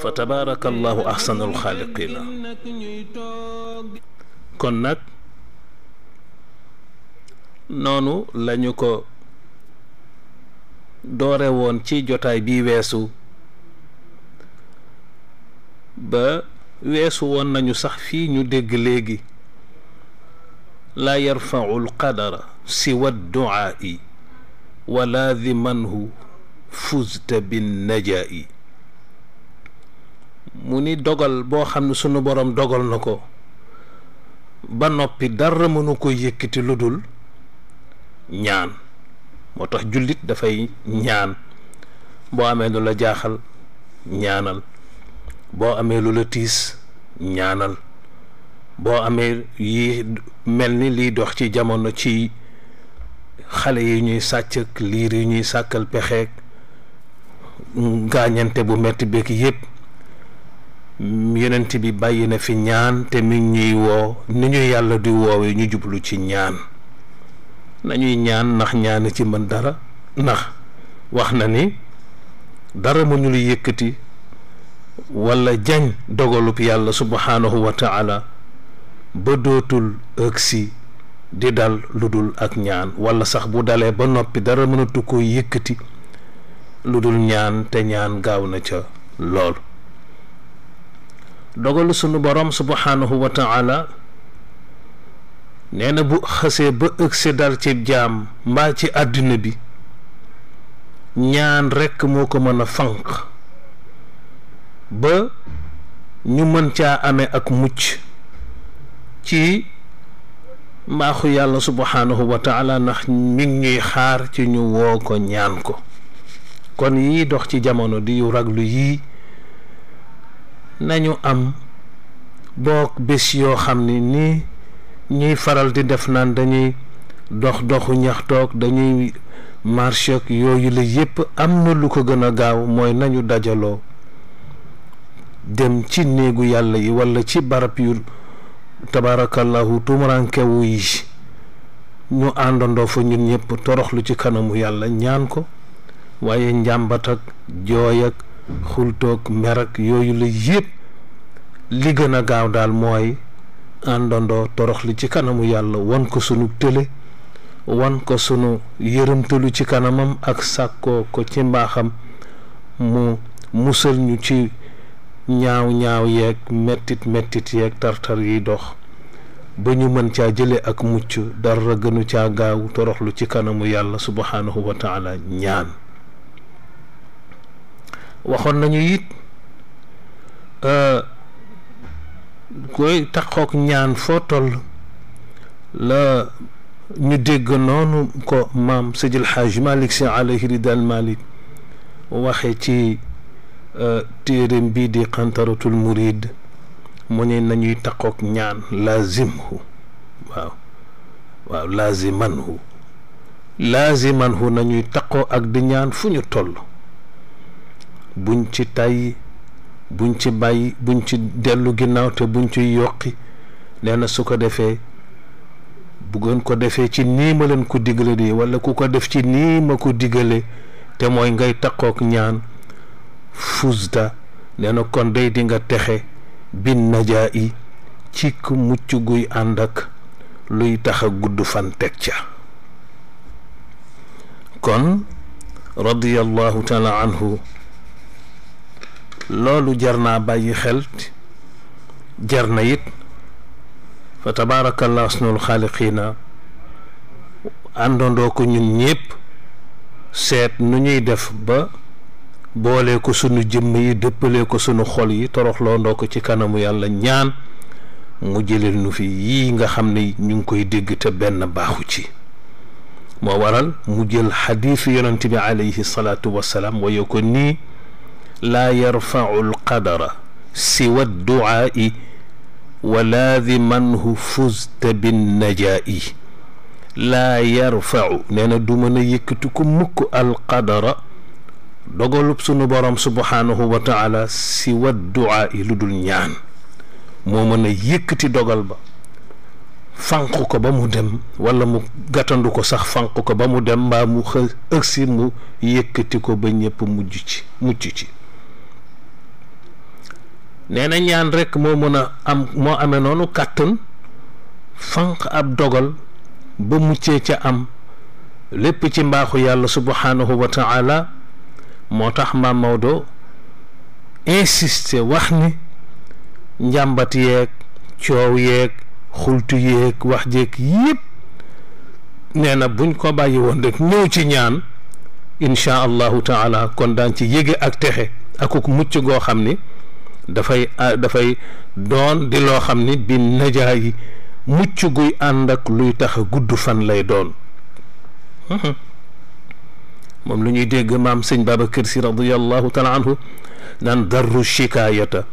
fa tabaarakallaahu ahsanul xaaliqiina kon nag noonu lañu ko doore ci jotaay bi weesu ba weesu woon nañu sax fii ñu dégg léegi la laa yarfau alqadara wala duaai wa laadimanhu fuzta binnajaa'i mu ni dogal boo xam ne sunu boroom dogal na ko ba noppi dara mënu ko yëkkati lu dul ñaan moo tax jullit dafay ñaan boo amee lu la jaaxal ñaanal boo amee lu la tiis ñaanal boo amee yi mel ni liy dox ci jamono ci xale yi ñuy sàcc ak liir yi ñuy sàkkal pexeek gaañante bu metti bekk yépp yonent bi bàyyi na fi ñaan te mi ñuy woo ni ñu yàlla di woowee ñu jublu ci ñaan nañuy ñaan ndax ñaan ci mën dara ndax wax na ni dara mu ñu lu yëkkati wala jañ dogalub yàlla subhaanahu wa taala ba dootul ëgsi di dal lu dul ak ñaan wala sax bu dalee ba noppi dara mënatu ko yëkkati lu dul ñaan te ñaan gaaw na ca lool dogalu sunu borom subhaanahu wa taala nee bu xasee ba ëgse dal ci jaam mbaa ci àddina bi ñaan rekk moo ko mën a fanq ba ñu mën caa ame ak mucc ci mbaaxu yàlla subhaanahu wa taala ndax mi ñuy xaar ci ñu woo ko ñaan ko kon yii dox ci jamono di yu raglu yii nañu am boog bés yoo xam ni nii ñuy faral di def naan dañuy dox doxu ñaxtoog dañuy marché ak yooyu la yépp am na lu ko gën a gaaw mooy nañu dajaloo dem ci néegu yàlla yi walla ci barab yu tabaarakallahu tumurankewu yi ñu àndandoo fa ñun ñëpp toroxlu ci kanamu yàlla ñaan ko waaye njàmbat ak jooy ak xultoog merak yooyu la yëpp li gën a gaaw daal mooy àndandoo torox li ci kanamu yàlla wan ko sunu tële wan ko sunu yërëmtalu ci kanamam ak sàkkoo ko ci mbaaxam mu musal ñu ci ñaaw ñaaw yeeg mettit mettit yeeg tartar yiy dox ba ñu mën caa jële ak mucc dara gënu caa gaaw toroxlu ci kanamu yàlla subhaanahu wa taala ñaan waxoon nañu it euh, koy taxook ñaan foo toll la ñu dégg noonu ko maam Seydil Hadj Malick Sy alayhi ridal Malick waxe ci euh, téeréem bii di xantaratul murid mu ne nañuy taxook ñaan lazimhu waaw waaw lazimanhu lazimanhu nañuy taxoo ak di ñaan fu ñu toll buñ ci tàyyi buñ ci bàyyi buñ ci dellu ginnaaw te buñ ci yokki nee na su ko defee bu gën ko defee ci nii ma leen ko digale di wala ku ko def ci nii ma ko diggale te mooy ngay taqook ñaan fusda nee na kon day di nga texe bin najaa yi ci ku mucc guy ànd ak luy taxa gudd fan teg ca kon radiyallahu taala anhu loolu jar naa bàyyi xel jar na it fa tabaarakallah asnul xaaliqiina àndandoo ko ñun ñépp seet nu ñuy def ba boole ko sunu jëmm yi dëppale ko sunu xol yi toroxloondoo ko ci kanamu yàlla ñaan mu jëlil nu fi yii nga xam ne ñu ngi koy dégg te benn baaxu ci moo waral mu jël xadiisu yonent bi alayhi salaatu wassalaam waye ko nii لا يرفع القدر سوى الدعاء ولا ذي منه فزت بالنجاء لا يرفع نانا دومنا يكتكم مك القدر dogalub sunu borom subhanahu wa taala si wa duaa yi lu dul ñaan moo mën a yëkkati dogal ba fànq ko ba mu dem wala mu gàttandu ko sax fànq ko ba mu dem mbaa mu xë ëgsi mu yëkkati ko ba ñëpp mujj ci mucc ci nee na ñaan rekk moo mën a am moo amee noonu kàttan fànq ab dogal ba muccee ca am lépp ci mbaaxu yàlla subhaanahu wa taala moo tax maam Maodo insisté wax ni njàmbat yeeg coow yeeg xultu yeeg wax jeeg yëpp nee na buñ ko bàyyi woon rek ñëw ci ñaan incha allahu taala kon daan ci yége ak texe akuk mucc goo xam ni dafay ah, dafay doon di loo xam ni bi najaa yi mucc guy ànd ak luy tax a gudd fan lay doon moom lu ñuy dégg maam sëñ Babacar Si radiallahu taala anhu naan darru shikaayata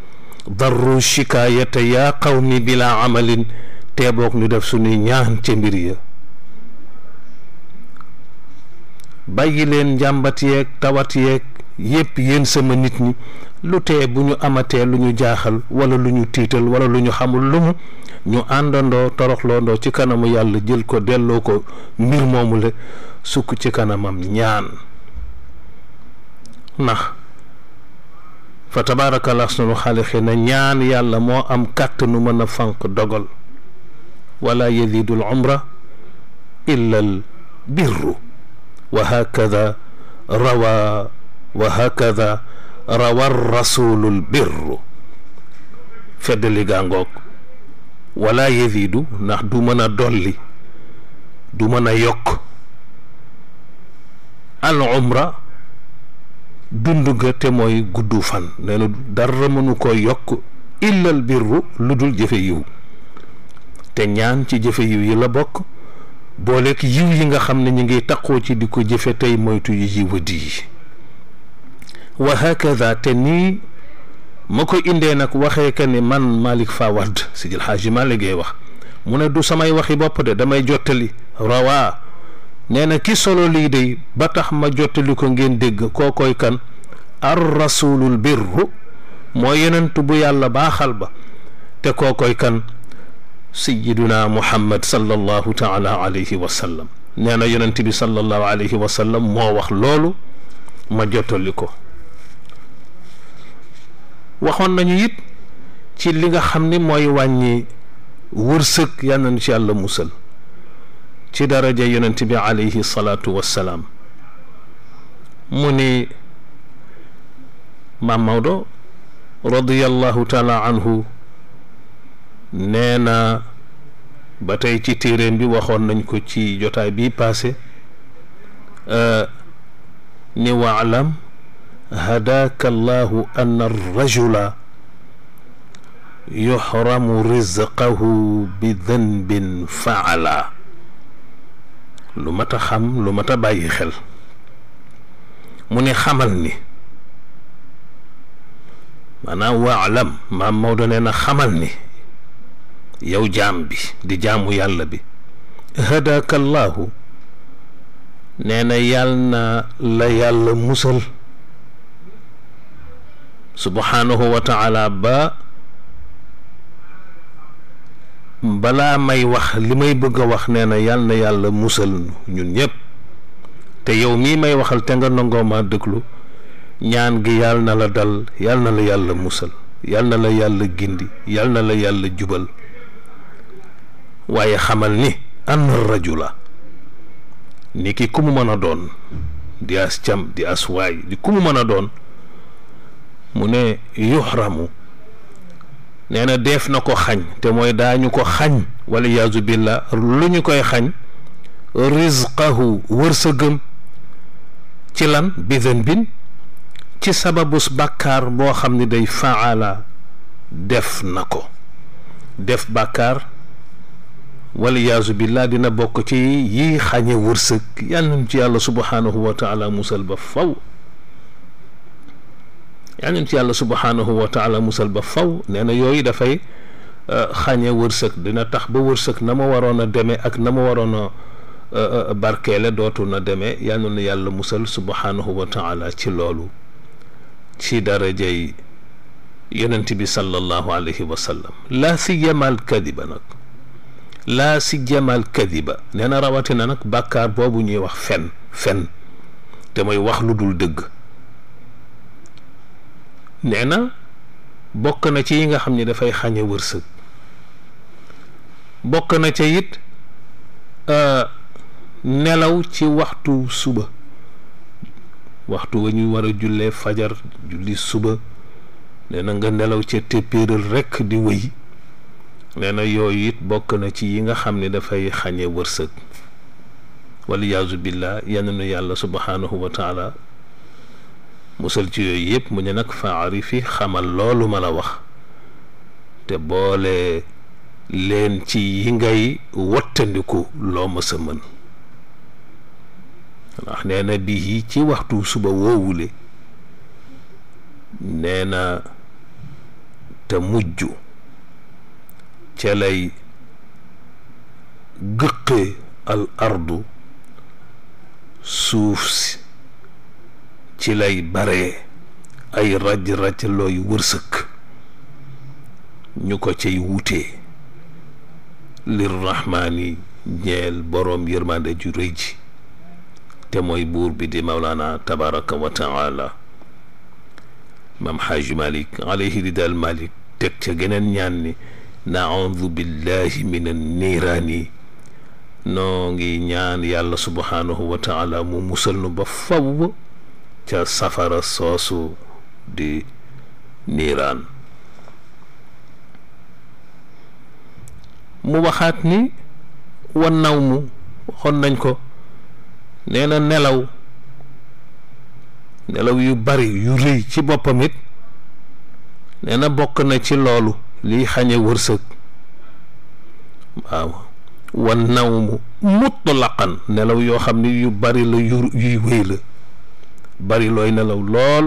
darru shikaayata yaa qawmi bilaa amalin te boog ñu def suñuy ñaan ca mbir ya bàyyi leen njàmbat yeeg tawat yeeg yépp yéen sama nit ñi lu tee bu ñu amatee lu ñu jaaxal wala lu ñu tiital wala lu ñu xamul lu ñu àndandoo toroxloondoo ci kanamu yàlla jël ko delloo ko mbir moomu la sukk ci kanamam ñaan ndax fa tabaarakallah sunu xaalixi na ñaan yàlla moo am kàttanu mën a fànq dogal wala yazidul umra illa birru wa hakada rawa wa hakada rawar rasulul birru feddali gàngoog wala yezidu ndax du mën a dolli du mën a yokk al umra dund nga te mooy gudd fan nee na dara mënu ko yokk illal birru lu dul jëfe yiw te ñaan ci jëfe yiw yi la bokk booleeg yiw yi nga xam ne ñu ngi taqoo ci di ko jëfe tey moytu yi yiwadi yi wa hakada te nii ma ko indee nag waxee que ni man Malick Fawad Sidil Hadji Malick wax mu ne du samay waxi bopp de damay jottali rawaa nee na ki solo lii dey ba tax ma jottali ko ngeen dégg koy kan ar rasulul birru moo yenentu bu yàlla baaxal ba te koy kan sayiduna muhammad sallallahu taala alayhi wa sallam nee na yonent bi sallallahu alayhi wa sallam moo wax loolu ma jottali ko waxoon nañu it ci li nga xam ni mooy wàññi wërsëg yal nañu ci yàlla musal ci daraja yonent bi alayhi salaatu wassalaam mu ni maam Maodo radiyallahu taala anhu nee na ba tey ci téeréem bi waxoon nañ ko ci jotaay bi paase euh, ni waalam hadaaka allahu an arrajula yuxramu rizqahu bi dhanbin faala lu mat xam lu mat a bàyyi xel mu ne xamal ni maanaam waalam maam Maodo nee na xamal ni yow jaam bi di jaamu yàlla bi hadaaka allahu nee na na la yàlla musal subhaanahu wa taala ba balaa may wax li may bëgg a wax nee na yàll na yàlla musal ñun ñëpp te yow mii may waxal te nga nangoo ma déglu ñaan gi yàll dal yàll na yàlla musal yàll na la yàlla gindi yàll na la yàlla jubal waaye xamal ni raju la ni ki ku mu mën a doon di as cam di as waay di ku mu mën a doon mu ne yuxramu nee na def na ko xañ te mooy daañu ko xañ wala yaazu billah lu ñu koy xañ rizqahu wërsëgëm ci lan bizen bin ci sababus bàkkaar boo xam ni day faala def na ko def bàkkaar wala yaazu billah dina bokk ci yi xañe wërsëg yàlla nañ ci yàlla subhaanahu wa taala musal ba faw yàlla ci yàlla subhaanahu wa taala musal ba faw nee na yooyu dafay euh, xañe wërsëg dina tax ba wërsëg na ma waroon a demee ak na ma waroon a euh, euh, barkeele dootu na deme yàlla na yàlla musal subhaanahu wa taala ci loolu ci darajay yonent bi sallallahu alayhi wa sallam laa si jamaal kadiba nag laa si jamaal kadiba nee na rawatina nag bàkkaar boobu ñuy wax fen fen te mooy wax lu dul dëgg nee na bokk na ci yi nga xam ni dafay xañe wërsëg bokk na ca it euh, nelaw ci waxtu suba waxtu wa ñuy war a jullee fajar julli suba nee na nga nelaw ca téppéeral rekk di wëy nee na yooyu it bokk na ci yi nga xam ni dafay xàññe wërsëg waliyaazu billah yenn nu yàlla subhaanahu wa musal ci yooyu yëpp mu ne nag faarifi xamal loolu ma la wax te boole leen ci yi ngay wattandiku loo mës a mën ndax nee na bii ci waxtu suba woowule neena te mujj ca lay gëqe al ardu suuf si ci lay baree ay raj-raj looy wërsëg ñu ko cay wutee lirrahmaani ñeel boroom yërmande ju rëy ji te mooy buur bi di mawlaana tabaraka wa taala maam xaaji malik alayhi ridaal malik teg ca geneen ñaan ni naaudu billahi min an niiraani noo ngi ñaan yàlla subhaanahu wa taala mu musal nu ba faw ca safara soosu di niiraan mu waxaat ni wan naw mu waxoon nañ ko nee nelaw nelaw yu bari yu rëy ci boppam it nee bokk na ci loolu liy xañe wërsëg waaw wan naw mu mutlaqan nelaw yoo xam ne yu bari la yuy wéy la bari looy nelaw lol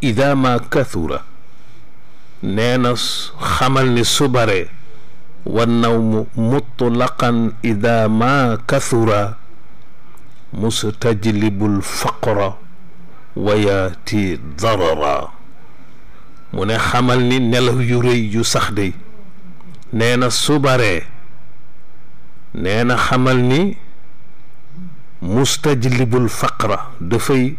ida ma kathura nenas na xamal ni su bare wa nawmu mutlaqan ida ma kathura mustajlibul faqra wa yati darara mune ne xamal ni nelaw yu rëy yu sax day nee su bare nee xamal ni mustajlibul faqra dafay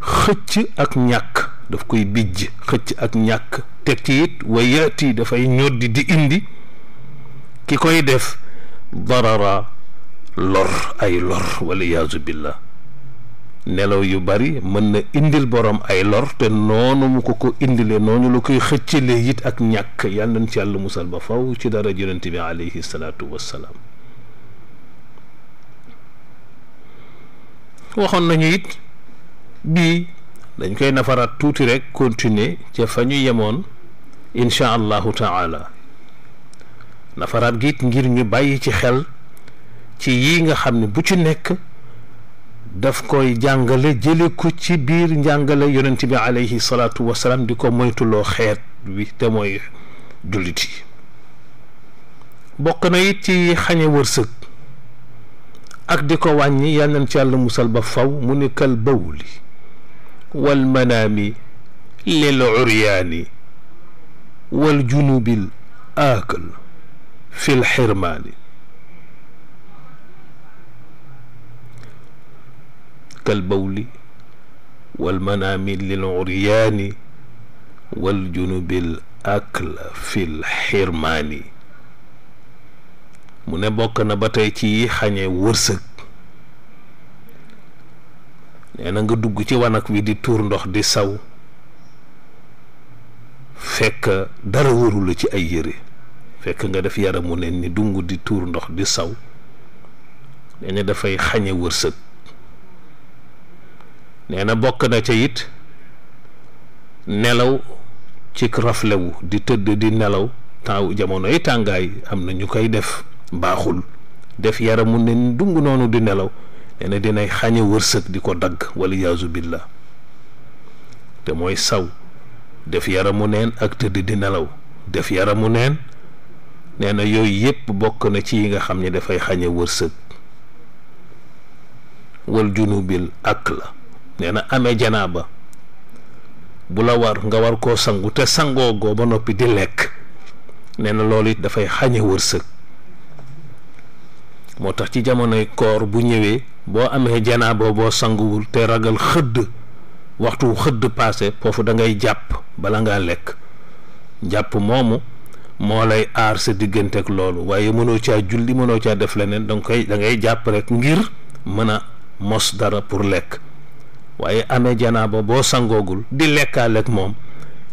xëcc ak ñàkk daf koy bijj xëcc ak ñàkk teg ci it wa yaati dafay ñoddi di indi ki koy def darara lor ay lor waliyaazu billah nelaw yu bari mën na indil borom ay lor te noonu mu ko ko indile noonu la koy xëccale it ak ñàkk yàlla nañ ci yàlla musal ba faw ci dara jëlante bi alayhi salaatu wassalaam waxoon nañu it bii dañ koy nafaraat tuuti rekk continuer ca fa ñu yemoon incha allahu ta'ala nafaraat gi it ngir ñu bàyyi ci xel ci yii nga xam ne bu ci nekk daf koy jàngale jële ko ci biir njàngale yonent bi aleyhi salaatu wasalaam di ko moytuloo xeet wi te mooy jullit yi bokk na it ci xañe wërsëg ak diko wañi wàññi yal ci yàlla musal ba faw mu ni kal bawli wal manami lil uryani wal junubil aakal fil hirmani kal bawli wal manami lil uryani wal junubil aakal fil hirmani mu ne bokk na ba tey ci xañe wërsëg nee na nga dugg ci wanag wi di tuur ndox di saw fekk dara wëru ci ay yére fekk nga def yaram mu neen ni dung di tuur ndox di saw nee na dafay xañe wërsëg nee na bokk na ca it nelaw ci raflewu di tëdd di nelaw temps jamonoy tàngaay am na ñu koy def baxul def yaramu ne dung nonu di nelaw ene na dinay di ko dagg wala billah te moy saw def yaramu neen ak tëdd di nelaw def yaramu neen neena yoy yep bok na ci yi nga xamne da fay xagne wërsëg wal junubil akla neena amé janaba war nga war ko sangu te sango go ba nopi di lek neena lolit da fay xagne moo tax ci jamonoy koor bu ñëwee boo amee janaaba boo sanguwul te ragal xëdd waxtu xëdd paase foofu da ngay jàpp bala ngaa lekk jàpp moomu moo lay aar sa diggante ak loolu waaye mënoo caa julli mënoo caa def leneen danga koy da ngay jàpp rek ngir mën a mos dara pour lekk waaye amee janaaba boo sangoogul di lekkaale ak moom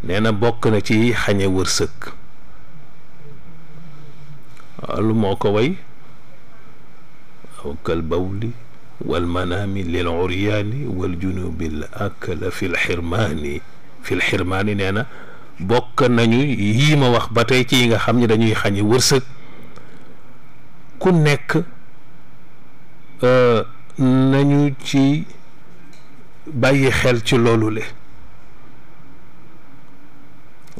nee na bokk na ci xañe wërsëg loolu moo ko way aw kal bawli wal manaami lil uryaani wal junubil akla fil xirmaani fil xirmaani nee na bokk nañu yii ma wax ba tey ci yi nga xam ni dañuy xañi wërsëg ku nekk euh, nañu ci bàyyi xel ci loolu le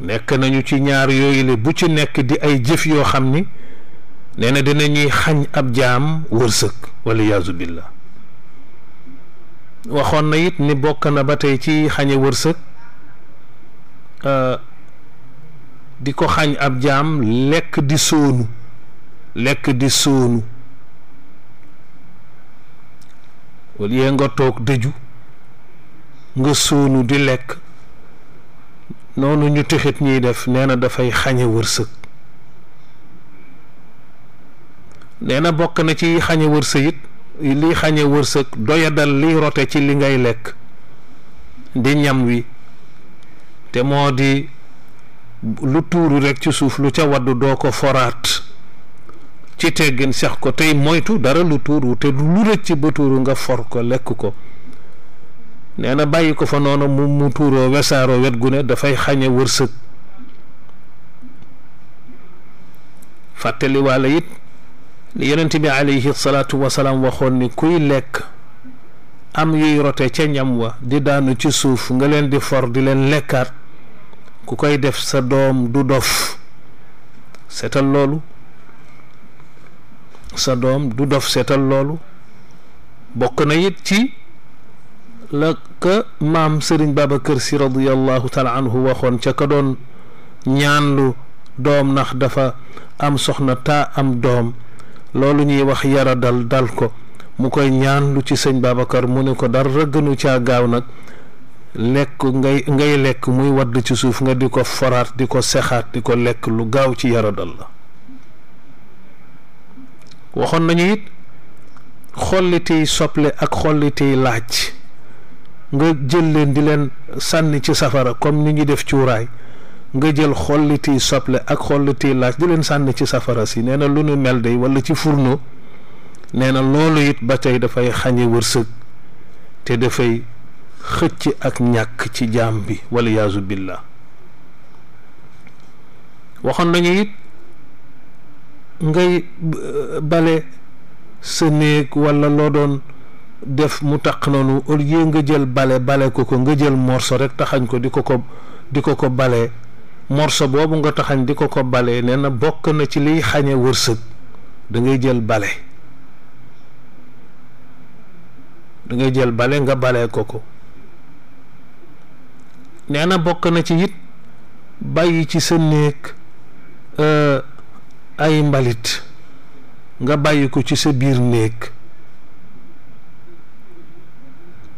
nekk nañu ci ñaar yooyu le bu ci nekk di ay jëf yoo xam ni nee na dina ñuy xañ ab jaam wërsëg wala yaazu billah waxoon na it ni bokk na ba tey ci xañe wërsëg euh, di ko xañ ab jaam lekk di sóonu lekk di sóonu wala yee nga toog dëju nga sóonu di lekk noonu ñu tixit ñiy nee na dafay xañe wërsëg nee na bokk na ci xañe wërsëg it liy xañe wërsëg doyadal liy rote ci li ngay lekk di ñam wi te moo di lu tuuru rekk ci suuf lu ca wadd doo ko foraat ci teggin sax ko tey moytu dara lu tuuru te lu rëcc ba tuuru nga for ko lekk ko nee na bàyyi ko fa noonu mu mu tuuroo wesaaroo wet gu ne dafay xañe wërsëg fàttaliwaale it li yonent bi alayhi salaatu wasalaam waxoon ni kuy lekk am yuy rote ca ñam wa di daanu ci suuf nga leen di for di leen lekkaat ku koy def sa doom du dof seetal loolu sa doom du dof seetal loolu bokk na it ci la ka maam Serigne Babacar Sy radiyallahu taala anhu waxoon ca ka doon ñaanlu doom nax dafa am soxna taa am doom loolu ñuy wax yara dal ko mu koy ñaan lu ci sëñ Babacar mu ne ko dara gënu caa gaaw nag lekk ngay lekk muy wadd ci suuf nga di ko foraat di ko seexaat di ko lekk lu gaaw ci yara dal la waxoon nañu it xollitiy soble ak xollitiy laaj nga jël leen di leen sànni ci safara comme ni ñu def cuuraay nga jël xolliti soble ak xolliti laaj di leen sànni ci safara si nee na lu nu mel day wala ci furno nee na loolu it ba tey dafay xañe wërsëg te dafay xëcc ak ñàkk ci jaam bi wala yaasu billah waxoon nañu it ngay euh, bale sa néeg wala loo doon def mu taq noonu au lieu nga jël bale bale ko ko nga jël morso rek taxañ ko di ko ko di ko ko bale morso bobu nga taxagn diko ko balé bale bok na na ci li xañe wërsëg da ngay jël bale da ngay jël bale nga bale koko néna bok na ci yit bayyi ci sa euh ay mbalit nga bayyi ko ci sa bir nek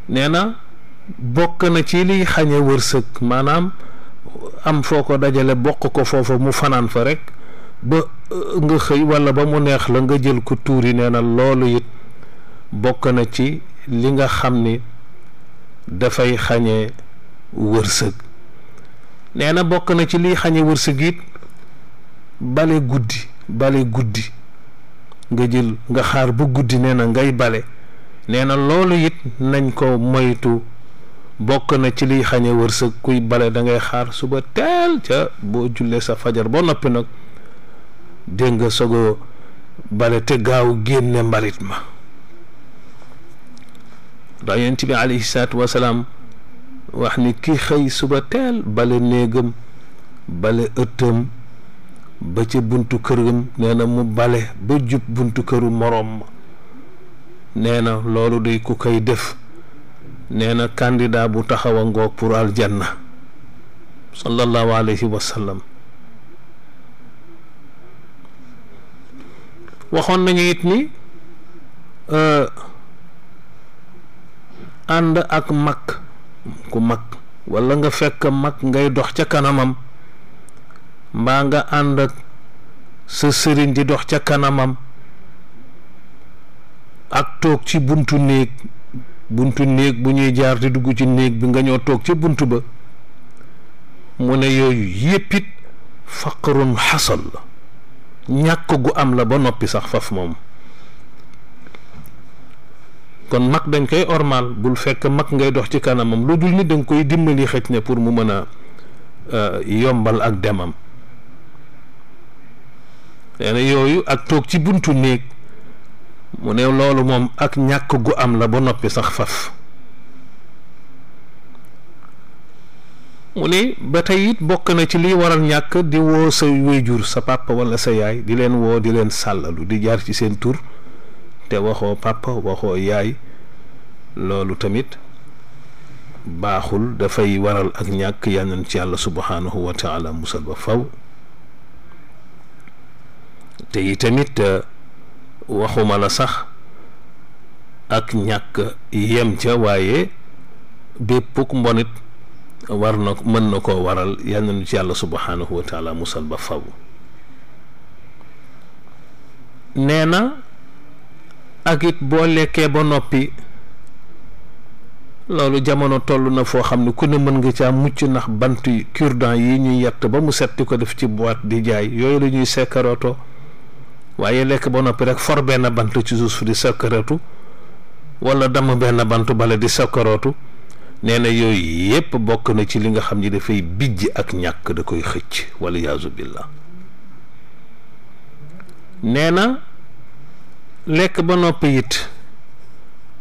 néna na na ci liy am foo ko dajale bokk ko foofa mu fanaan fa rek ba euh, nga xëy walla ba mu neex la nga jël ko tuuri nee na loolu it bokk na ci li nga xam ni dafay xañe wërsëg nee na bokk na ci liy xañe wërsëg it bale guddi bale guddi nga jël nga xaar bu guddi nee na ngay bale nee na loolu it nañ ko moytu bok na ci li xagne wërsëg kuy bale da ngay xaar suba tel ca bo julé sa fajar bo nopi nak dégg nga sogo bale te gaaw génne mbalit ma da yonent bi alayhi salatu wasalaam wax ni ki xey suba tel bale negum bale ëttam ba ci buntu kërëm néna mu bale ba jup buntu këru morom néna lolu ku kay def nee na candidat bu taxaw a ngoog pour aljanna sallallahu alayhi wa sallam waxoon nañu it ni euh, ànd ak mag ku mag walla nga fekk mag ngay dox ca kanamam mbaa nga ànd ak sa sëriñ di dox ca kanamam ak toog ci buntu néeg buntu néeg bu ñuy jaar di dugg ci néeg bi nga ñoo toog ca bunt ba mu ne yooyu yépp it faqrun xasal la ñàkk gu am la ba noppi sax faf moom kon mag dañ koy ormaal bul fekk mag ngay dox ci kanamam lu dul ni danga koy dimbali xëj ne pour mu mën a euh, yombal ak demam nee na yooyu ak toog ci buntu néeg mu ne loolu moom ak ñàkk gu am la ba noppi sax faf mu ne ba tey it bokk na ci liy waral ñàkk di woo sa wéjur sa papa wala sa yaay di leen woo di leen sàllalu di jaar ci seen tur te waxoo papa waxoo yaay loolu tamit baaxul dafay waral ak ñàkk yàlla ci yàlla subhaanahu wa taala musal ba faw te tamit waxuma la sax ak ñàkk yem ca waaye béppuk mbonit war na mën na koo waral yal na nu ci yàlla subhaanahu wa taala musal ba faw nee na ak it boo lekkee ba noppi loolu jamono toll na foo xam ne ku ne mën nga caa mucc ndax bant cure yi ñuy yett ba mu setti ko def ci boîte di jaay yooyu la ñuy waaye lekk ba noppi rek for benn bant ci suuf di sakkaratu walla damm benn bant bala di sakkaratu nee na yooyu yépp bokk na ci li nga xam ni dafay bijj ak ñàkk da koy xëcc wala yaasu billah nee na lekk ba noppi it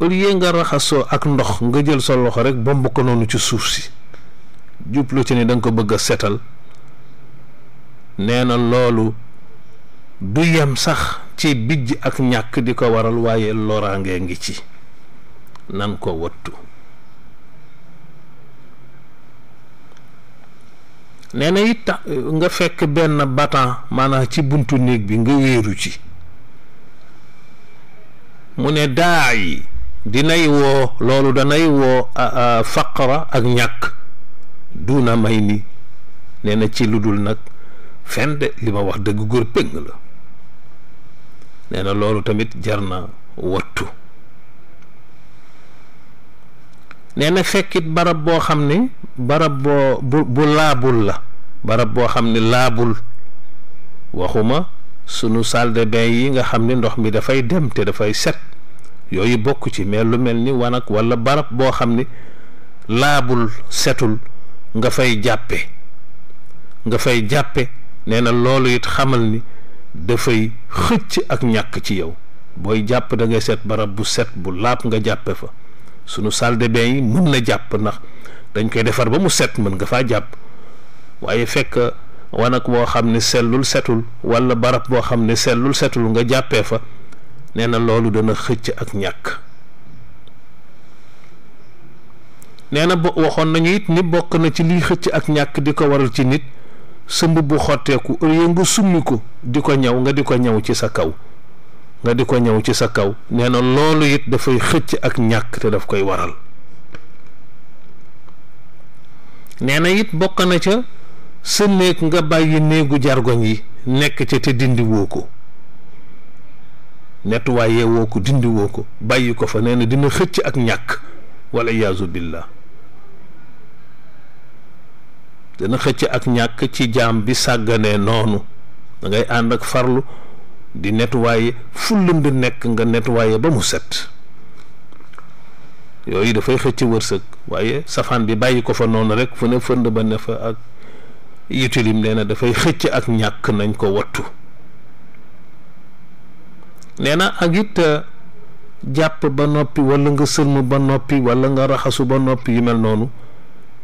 au lieu nga raxasoo ak ndox nga jël sa loxo rek bomb noonu ci suuf si jublu ci ne da ko bëgg a setal nee na loolu du yam sax ci bijj ak ñak di waral waye lorange ngi ci nan ko wattu nee na it nga fekk ben batan mana ci buntu neeg bi nga wëru ci mune daayi dinay wo lolou danay wo faqra ak ñak duna mayni ni ci lu nak fende li ma wax deug gor peng la nee na loolu tamit jar na wattu nee na fekkit barab boo xam ne barab boo bu bu laabul la barab boo xam ne laabul waxuma sunu salle de yi nga xam ne ndox mi dafay dem te dafay set yooyu bokk ci mais lu mel ni wanag walla barab boo xam ni laabul setul nga fay jàppe nga fay jàppe nee na loolu it xamal ni dafay xëcc ak ñak ci yow boy japp da ngay set barab bu set bu lap nga jappé fa sunu salle de bain mën na japp nak dañ koy défar ba mu set mën nga fa japp waye fekk wanak bo xam ne setul wala barab bo xam ne setul nga jappé fa nee na loolu dana xëcc ak ñak nee na nañu it ni bok na ci li xëcc ak ñak diko waral ci nit sa mbubb xotteeku au lieu nga summi ko di ko ñaw nga di ko ñaw ci sa kaw nga di ko ñaw ci sa kaw nee na loolu it dafay xëcc ak ñàkk te daf koy waral nee na it bokk na ca sa néeg nga bàyyi néegu jargoñ yi nekk ca te dindi ko nettuwaayee woo ko dindi ko bàyyi ko fa nee na dina xëcc ak ñàkk walla yaazu billah dana xëcc ak ñàkk ci jaam bi sàgganee noonu da ngay ànd ak farlu di nettoyer fu lënd nekk nga nettoyer ba mu set yooyu dafay xëcc wërsëg waaye safaan bi bàyyi ko fa noonu rekk fu ne fënd ba ne fa ak yutilim nee na dafay xëcc ak ñàkk nañ ko wattu nee na ak it euh, jàpp ba noppi wala nga sëlm ba noppi wala nga raxasu ba noppi yu mel noonu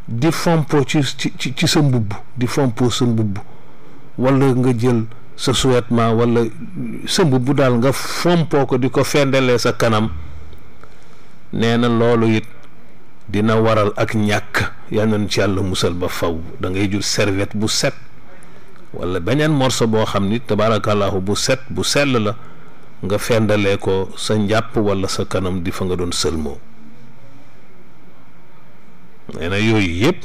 di fompo ci ci sa mbubb di fompo sa mbubb wala nga jël sa sous-vêtement wala sa mbubb daal nga fompoo ko di ko fendalee sa kanam nee na loolu it dina waral ak ñàkk yal nañu yàlla musal ba faw da ngay jël serviette bu set wala beneen morso boo xam ni tabaarakallaahu bu set bu sell la nga fendalee ko sa njàpp wala sa kanam di fa nga doon sëlmoo nee yooyu yëpp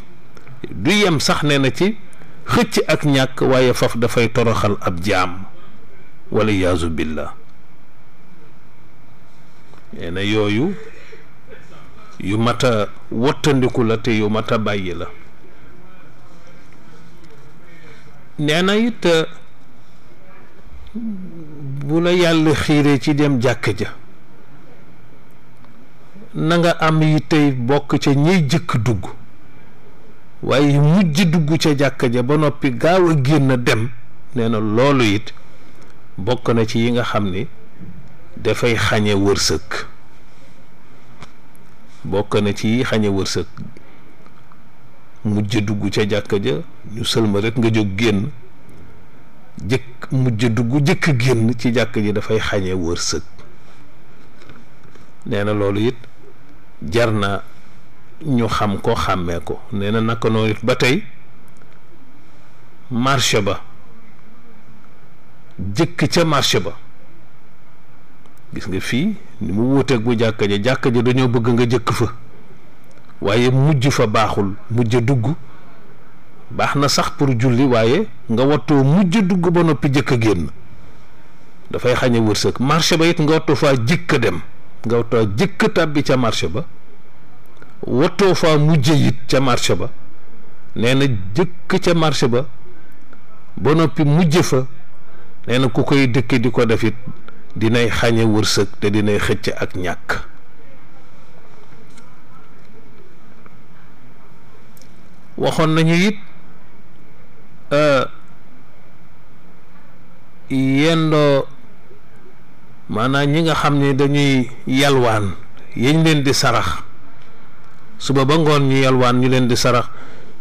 du yem sax nee na ci xëcc ak ñàkk waaye faf dafay toroxal ab jaam wala yaasu billah nee yooyu yu mat a wottandiku la te yu mat a bàyyi la nee na it bu la yàlla xiiree ci dem jàkk ja nanga nga am yi tey bokk ca ñiy jëkk dugg waaye mujj dugg ca jàkk ja ba noppi gaaw a génn dem nee na loolu it bokk na ci yi nga xam ni dafay xañe wërsëg bokk na ci xañe wërsëg mujj dugg ca jàkk ja ñu sëlma rek nga jóg génn jëkk mujj dugg jëkk génn ci jàkk ji dafay xañe wërsëg nee na loolu it jar na ñu xam ko xàmmee ko nee na naka noonu ba tey marché ba jëkk ca marché ba gis nga fii ni mu wuuteeg bu jàkka ja jàkka ja dañoo bëgg nga jëkk fa waaye mujj fa baaxul mujj dugg baax na sax pour julli waaye nga wattoo mujj dugg ba noppi jëkk a génn dafay xañe wërsëg marché ba it nga wattoo faa jëkk a dem nga toog jëkk tàbbi ca marché ba wattoo faa mujje it ca marché ba nee na jëkk ca marché ba ba noppi mujje fa nee na ku koy dëkke di ko def it dinay xañe wërsëg te dinay xëcc ak ñàkk waxoon nañu it euh, yendoo maanaam ñi nga xam ne dañuy yalwaan yañ leen di sarax suba ba ngoon ñu yalwaan ñu leen di sarax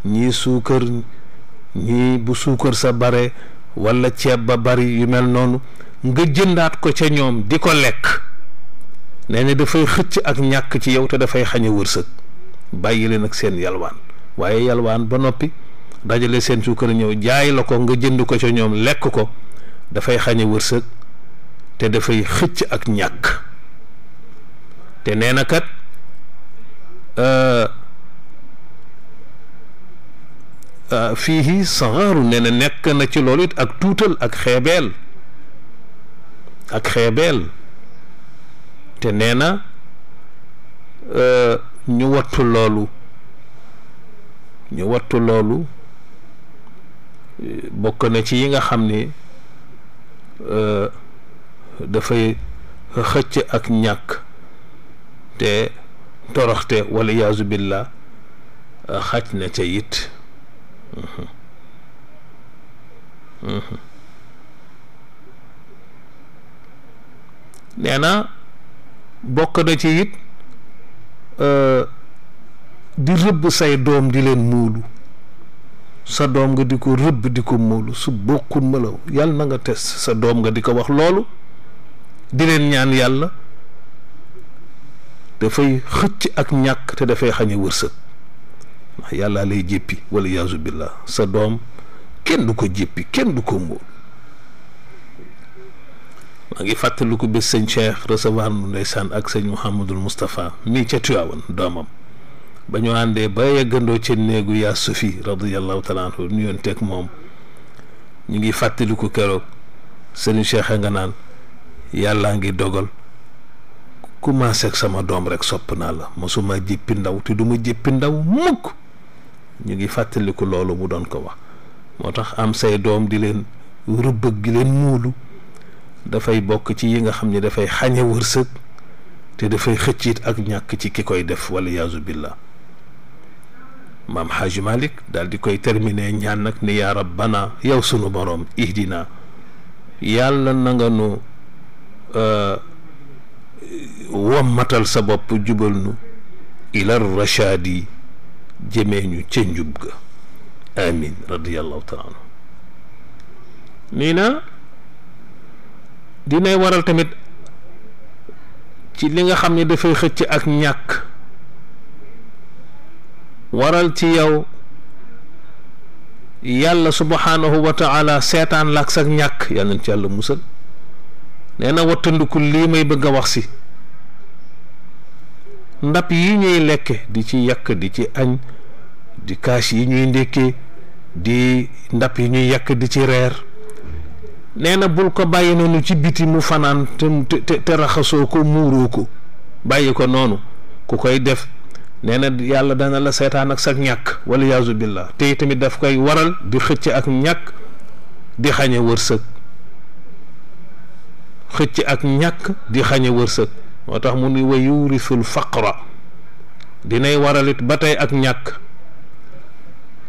ñii suukar ñii bu suukar sa bare walla ceeb ba bari yu mel noonu nga jëndaat ko ca ñoom di ko lekk nee na dafay xëcc ak ñàkk ci yow te dafay xañe wërsëg bàyyi leen ak seen yalwaan waaye yalwaan ba noppi dajale seen suukar ñëw jaay la ko nga jënd ko ca ñoom lekk ko dafay xañe wërsëg te dafay xëcc ak ñàkk te nee na kat euh, euh, fiihi saxaaru nee nekk na ci loolu it ak tuutal ak xeebeel ak xeebeel te nee na euh, ñu wattu loolu ñu wattu loolu bokk na ci yi nga xam ni dafay xëcc ak ñàkk te toroxte wala yaasu billah xaj na ca it neena na bokk na ci it euh, di rëbb say doom di leen muulu sa doom nga di ko rëbb di ko muulu su bokkul ma la yàlla na nga tes sa doom nga di ko wax loolu dileen ñaan yàlla dafay xëcc ak ñàkk te dafay xañe wërsëg ndax yàlla lay jéppi wala yaasu billah sa doom kenn du ko jéppi kenn du ko mbóol maa ngi fàttaliku ko bés sëñ Cheikh recevoir nu ndeysaan ak sëñ Mouhamadul Moustapha mii ca Tiwaawan doomam ba ñu àndee ba yeggandoo ci néegu yaa sufi radiallahu taala anhu nuyoon teeg moom ñu ngi fàttaliku keroog sëñ Cheikh a nga naan yàllaa ngi dogal commencé ak sama doom rek sopp naa la mosuma jéppi ndaw te du ma jéppi ndaw mukk ñu ngi fàttaliku loolu mu doon ko wax moo tax am say doom di leen rëbbëg di leen muulu dafay bokk ci yi nga xam ne dafay xañe wërsëg te dafay xëccit ak ñàkk ci ki koy def wala yaazu billah maam xaaji malik daal di koy termine ñaan nag ni yaa rabbana yow sunu boroom ihdina yàlla na nu Euh, wommatal sa bopp jubal nu ilal rachaad yi jëmee ñu ca njub ga amin radiallahu taala anhu nii na dinay waral tamit ci li nga xam ni dafay xëcc ak ñàkk waral ci yow yàlla subhaanahu wa taala seetaan la ak sa ñàkk yàlla nañ ci musal nee na wattandiku lii may bëgg a wax si ndab yi ñuy lekke di ci yàkk di ci añ di kaas yi ñuy ndékkee di ndab yi ñuy yàkk di ci reer nee na bul ko bàyyi noonu ci biti mu fanaan te te raxasoo ko muuroo ko bàyyi ko noonu ku koy def nee na yàlla dana la seetaan ak sag ñàkk wala yaasu billah te tamit daf koy waral di xëcc ak ñàkk di xañe wërsëg xëcc ak ñàkk di xañe wërsëg moo tax mu ni wa yurisul faqra dinay waralit ba tey ak ñàkk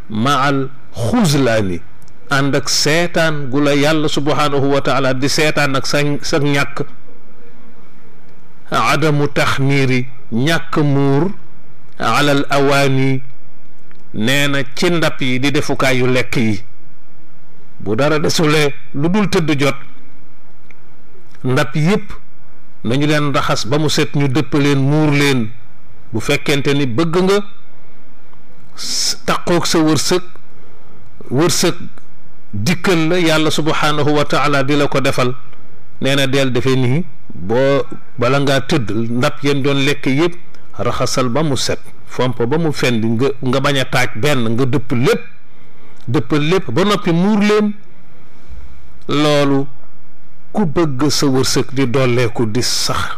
maal xuzlaani ànd ak seetaan gu la yàlla subhaanahu wa di seetaan ak sa sa ñàkk adamu taxmiiri ñàkk muur alal awaani nee na ci ndab yi di defukaayu lekk yi bu dara desulee lu dul tëdd jot ndap yep nañu len raxas ba mu set ñu depp len mur len bu fekente ni bëgg nga ak sa wërseuk wërseuk dikkel la yalla subhanahu wa taala di ko defal neena del defé ni bo bala nga tëdd ndap yeen doon lek yep raxasal ba mu set fompo ba mu fendi nga nga baña taaj ben nga depp lepp depp lepp ba nopi mur len lolou ku bëgg sa wërsëg di dolleeku di sax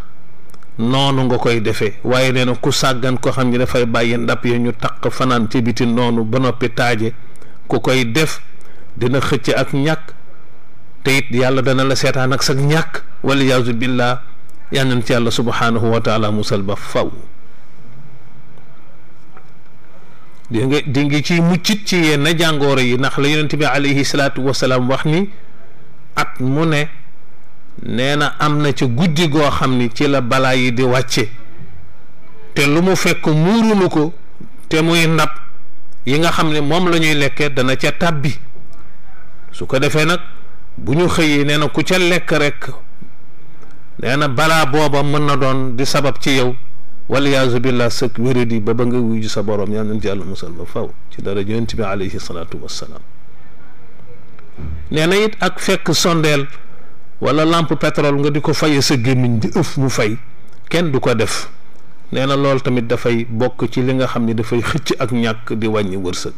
noonu nga koy defee waaye nee ku sàggan ko xam ni dafay bàyyi ndab ya ñu taq fanaan ci bitim noonu ba noppi taaje ku koy def dina xëcc ak ñàkk te yàlla dana la seetaan ak sag ñàkk wala yaasu billah yal nañ ci yàlla subhaanahu wa musal ba faw di nga di nga ciy muccit ci yenn jàngooro yi ndax la yonent bi alayhi salaatu wasalaam wax ni at mu ne nee na am na ci guddi goo xam ni ci la balaa yi di wàcce te lu mu fekk muurunu ko te muy ndab yi nga xam ne moom la ñuy lekkee dana ca tàbbi su ko defee nag bu ñu xëyee nee na ku ca lekk rek nee na balaa booba mën na doon di sabab ci yow waliyaasu billah sëg wéradi ba ba nga wuyu sa borom yaa nañ ci yàlla musal ba faw ci dara yonent bi alayhi salaatu wassalaam nee it ak fekk sondeel wala lampe pétrole nga di ko faye sa gémmiñ di ëf mu fay kenn du ko def nee na lool tamit dafay bokk ci li nga xam ne dafay xëcc ak ñàkk di wàññi wërsëg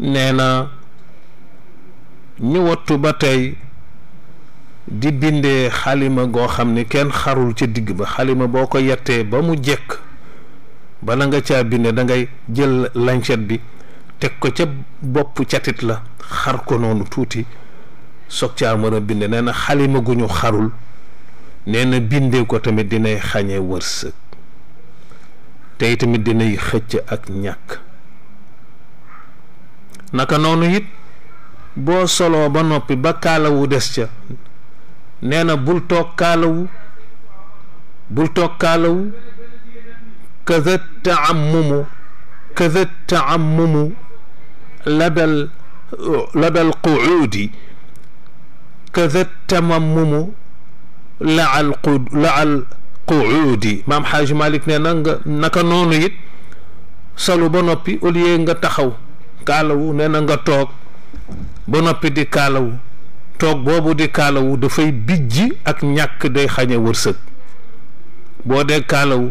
nee na ñu wattu ba tey di bindee xalima goo xam ne kenn xarul ca digg ba xalima boo ko yettee ba mu jekk bala nga caa binde da jël lancet bi teg ko ca bopp catit la xar ko noonu tuuti soog caa mën bind nee na xalima gu ñu xarul nee na bindee ko tamit dinay xañee wërsëg tey tamit dinay xëcc ak ñàkk naka noonu it boo soloo ba noppi ba kaalawu des ca nee na bul toog kaalawu am toog kaalawu kada taamumu kada taamumu labal labal quudi kada la laal qu laal quudi maam xaaj malik ne na nga naka noonu it solu ba noppi au lieu nga taxaw kaalawu ne na nga toog ba noppi di kaalawu toog boobu di kaalawu dafay bijji ak ñàkk day xañe wërsëg boo dee kaalawu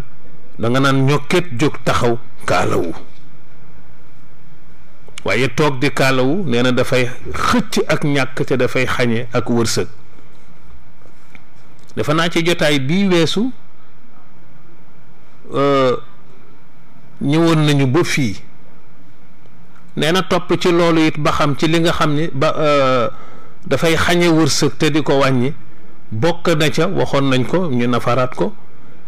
da naan ñokket jóg taxaw kaalawu waaye toog di kaalawu nee na dafay xëcc ak ñàkk te dafay xañe ak wërsëg dafa naa ci jotaay bii weesu euh, ñëwoon nañu ba fii nee na topp ci loolu it ba xam ci li nga xam ni ba euh, dafay xañe wërsëg te di ko wàññi bokk na ca waxoon nañ ko ñu nafaraat ko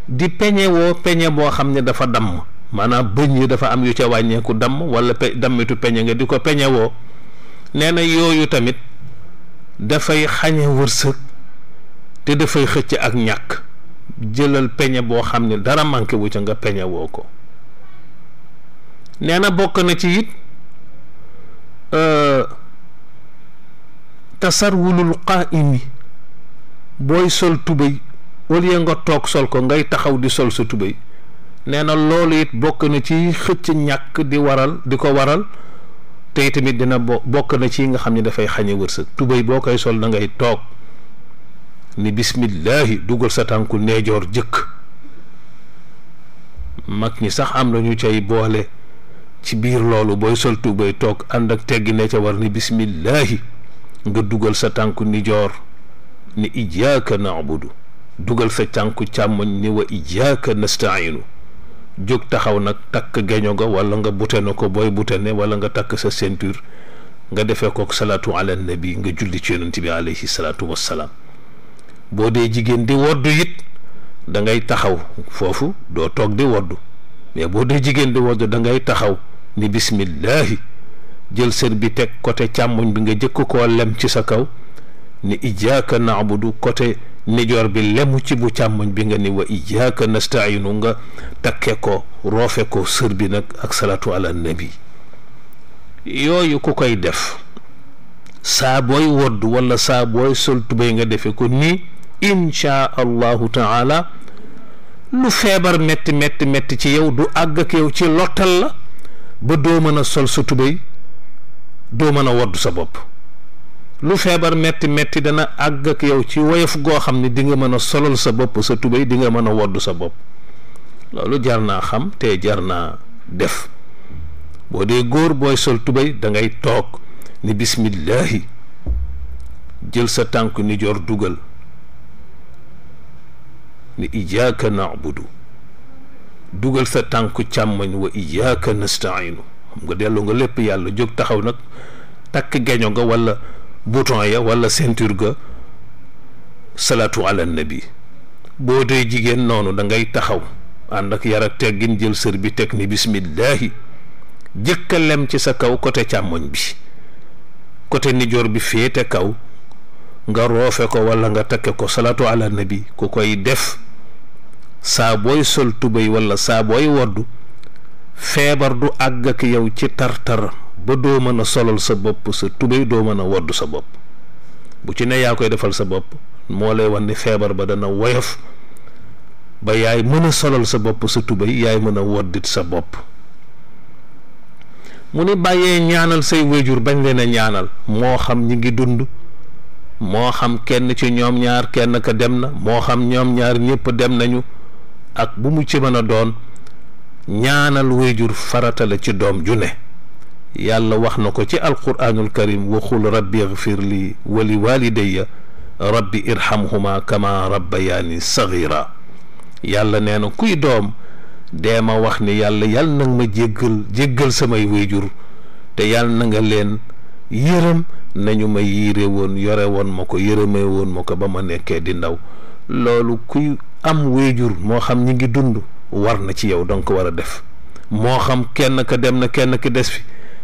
di peñe woo peñe boo xam ne dafa damm maanaam bëñ yi dafa am yu ca wàññeeku damm wala pe peñe nga di ko peñe woo nee na yooyu tamit dafay xañe wërsëg te dafay xëcc ak ñàkk jëlal peñe boo xam ne dara manqué wu ca nga peñe woo ko nee na bokk na ci it euh, tasarwulul qaa'imi booy sol tubéy au nga toog sol ko ngay taxaw di sol sa tubéy nee na loolu it bokk na ci xëcc ñàkk di waral di ko waral tey tamit dina bokk na ci nga xam ni dafay xañe wërsëg tubéy boo koy sol da ngay toog ni bismillahi dugal sa tànku neejoor jëkk mag ñi sax am na ñu cay boole ci biir loolu booy sol tubéy toog ànd ak teggi ne ca war ni bismillahi nga dugal sa tànku nijoor ni ijaaka naabudu dugal sa tànku càmmoñ ni wa ijaaka nastainu jóg taxaw nag takk geño ga wala nga butene ko booy butene wala nga takk sa ceinture nga defee ko salaatu ala nabi nga julli ci yonent bi alayhi salaatu wassalaam boo dee jigéen di woddu it da ngay taxaw foofu doo toog di wodd mais boo dee jigéen di woddu da ngay taxaw ni bismillahi jël sër bi teg côté càmmoñ bi nga jëkk ko lem ci sa kaw ni ijaaka naabudu côté nijoor bi lemu ci bu càmmoñ bi nga ni wa iyyaka nasta'inu nga takke ko roofe ko sër bi nag ak salaatu ala nabi yooyu ku koy def saa wodd wala saa sol tubéy nga defe ko nii inchaa allahu taala lu feebar metti metti metti ci yow du àgg ak yow ci lottal la ba doo mën a sol sa tubéy doo mën a wodd sa bopp lu febar metti metti dana ag ak yow ci woyof ham xamni di nga mën solol sa bop sa tubey di nga mën woddu sa bop loolu jar xam te jar def bo de gor boy sol tubey da ngay tok ni bismillah jël sa tank ni jor dugal ni iyyaka na'budu dugal sa tank chamagn wa iyyaka nastainu xam nga delu nga lepp yalla jog taxaw nak tak geño nga wala bouton ya walla ceinture ga salaatu ala nabi boo dee jigéen noonu da ngay taxaw ànd ak yara teggin jël sër bi teg ni bismillahi jëkka lem ci sa kaw côté càmmoñ bi côté nijoor bi te kaw nga roofe ko walla nga takke ko salaatu ala bi ku koy def saa booy sol tubéy walla saa booy woddu feebar du àgg ak yow ci tartar ba doo mën a solal sa bopp sa tubéy doo mën a wodd sa bopp bu ci ne yaa koy defal sa bopp moo lay wan ni feebar ba dana woyof ba yaay mën a solal sa bopp sa tubéy yaay mën a woddit sa bopp mu ni bàyyee ñaanal say wéjur bañ leen a ñaanal moo xam ñi ngi dund moo xam kenn ci ñoom ñaar kenn ka dem na moo xam ñoom ñaar ñëpp dem nañu ak bu mu ci mën a doon ñaanal wéjur farata la ci doom ju ne yàlla wax na ko ci alquranul karim waxul rabbi igfir li wali walidayya rabbi irhamhuma kama rabbayaani sagira yàlla nee na kuy doom dee ma wax ni yàlla yàll na nga ma jéggal jéggal samay wéyjur te yàll na nga leen yërëm nañu ma yiire woon yore woon ma ko yërëmee woon ma ko ba ma nekkee di ndaw loolu kuy am wéyjur moo xam ñi ngi dund war na ci yow donc war a def moo xam kenn ka dem na kenn ki des fi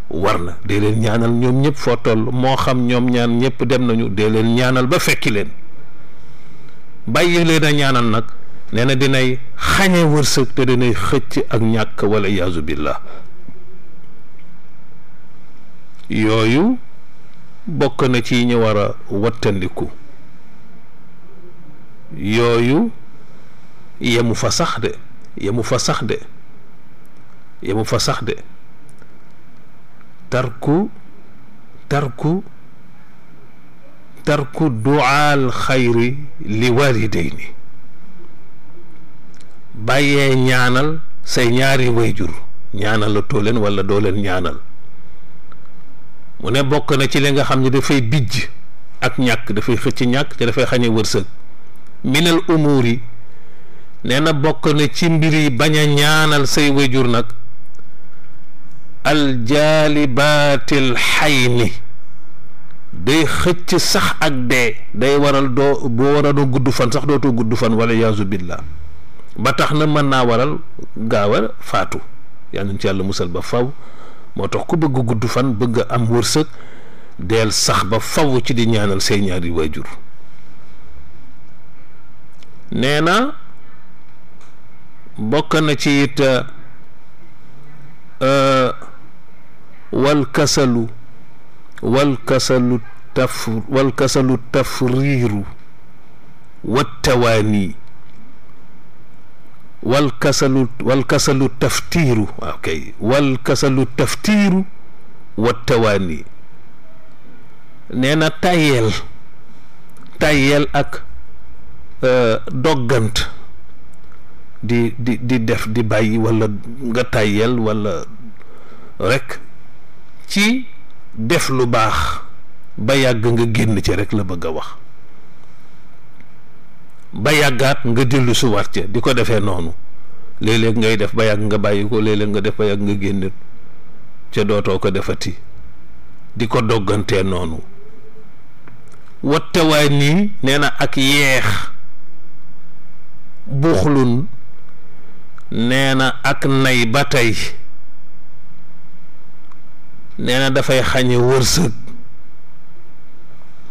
war na dee leen ñaanal ñoom ñëpp foo toll moo xam ñoom ñaan ñëpp dem nañu dee leen ñaanal ba fekki leen bàyyi leen a ñaanal nag nee na dinay xañee wërsëg te dinay xëcc ak ñàkk wala yaasu billah yooyu bokk na ci ñu war a wattandiku yooyu yemu fa sax de yemu fa sax de yemu fa sax de tarku tarku tarku duaal xayri li walidayni bàyyee ñaanal say ñaari jur ñaanal la too walla wala ñaanal mu ne bokk na ci li nga xam ne dafay bijj ak ñàkk dafay xëcc ñàkk te dafay xañe wërsëg minal umuur yi nee na bokk na ci mbir yi bañ a ñaanal say jur nag aljaalibaatil xayni day xëcc sax ak dee day waral doo boo waroon gudd fan sax dootoo gudd fan wala yaasu billah ba tax na mën naa waral gaaw faatu yaa nañ ci musal ba faw moo tax ku bëgg gudd fan bëgg am wërsëg deel sax ba faw ci di ñaanal say ñaari waajur nee na bokk na ci it euh, walkasalu walkasalu taf walkasalu tafriiru wattawaani walkasalu walkasalu taftiiru ok walkasalu taftiiru wattawaani nee na tayeel tayeel ak doggant di di di def di bàyyi walla nga tayeel walla rekk ci def lu baax ba yàgg nga génn ci rek la bëgg a wax ba yàggaat nga dellu su war ca di ko defee noonu léeg-léeg ngay def ba yàgg nga bàyyi ko nga def ba nga génn ca dootoo ko defati di ko doggantee noonu wattewaay nii nee na ak yeex buuxlun nee na ak nay ba tey nee na dafay xañe wërsëg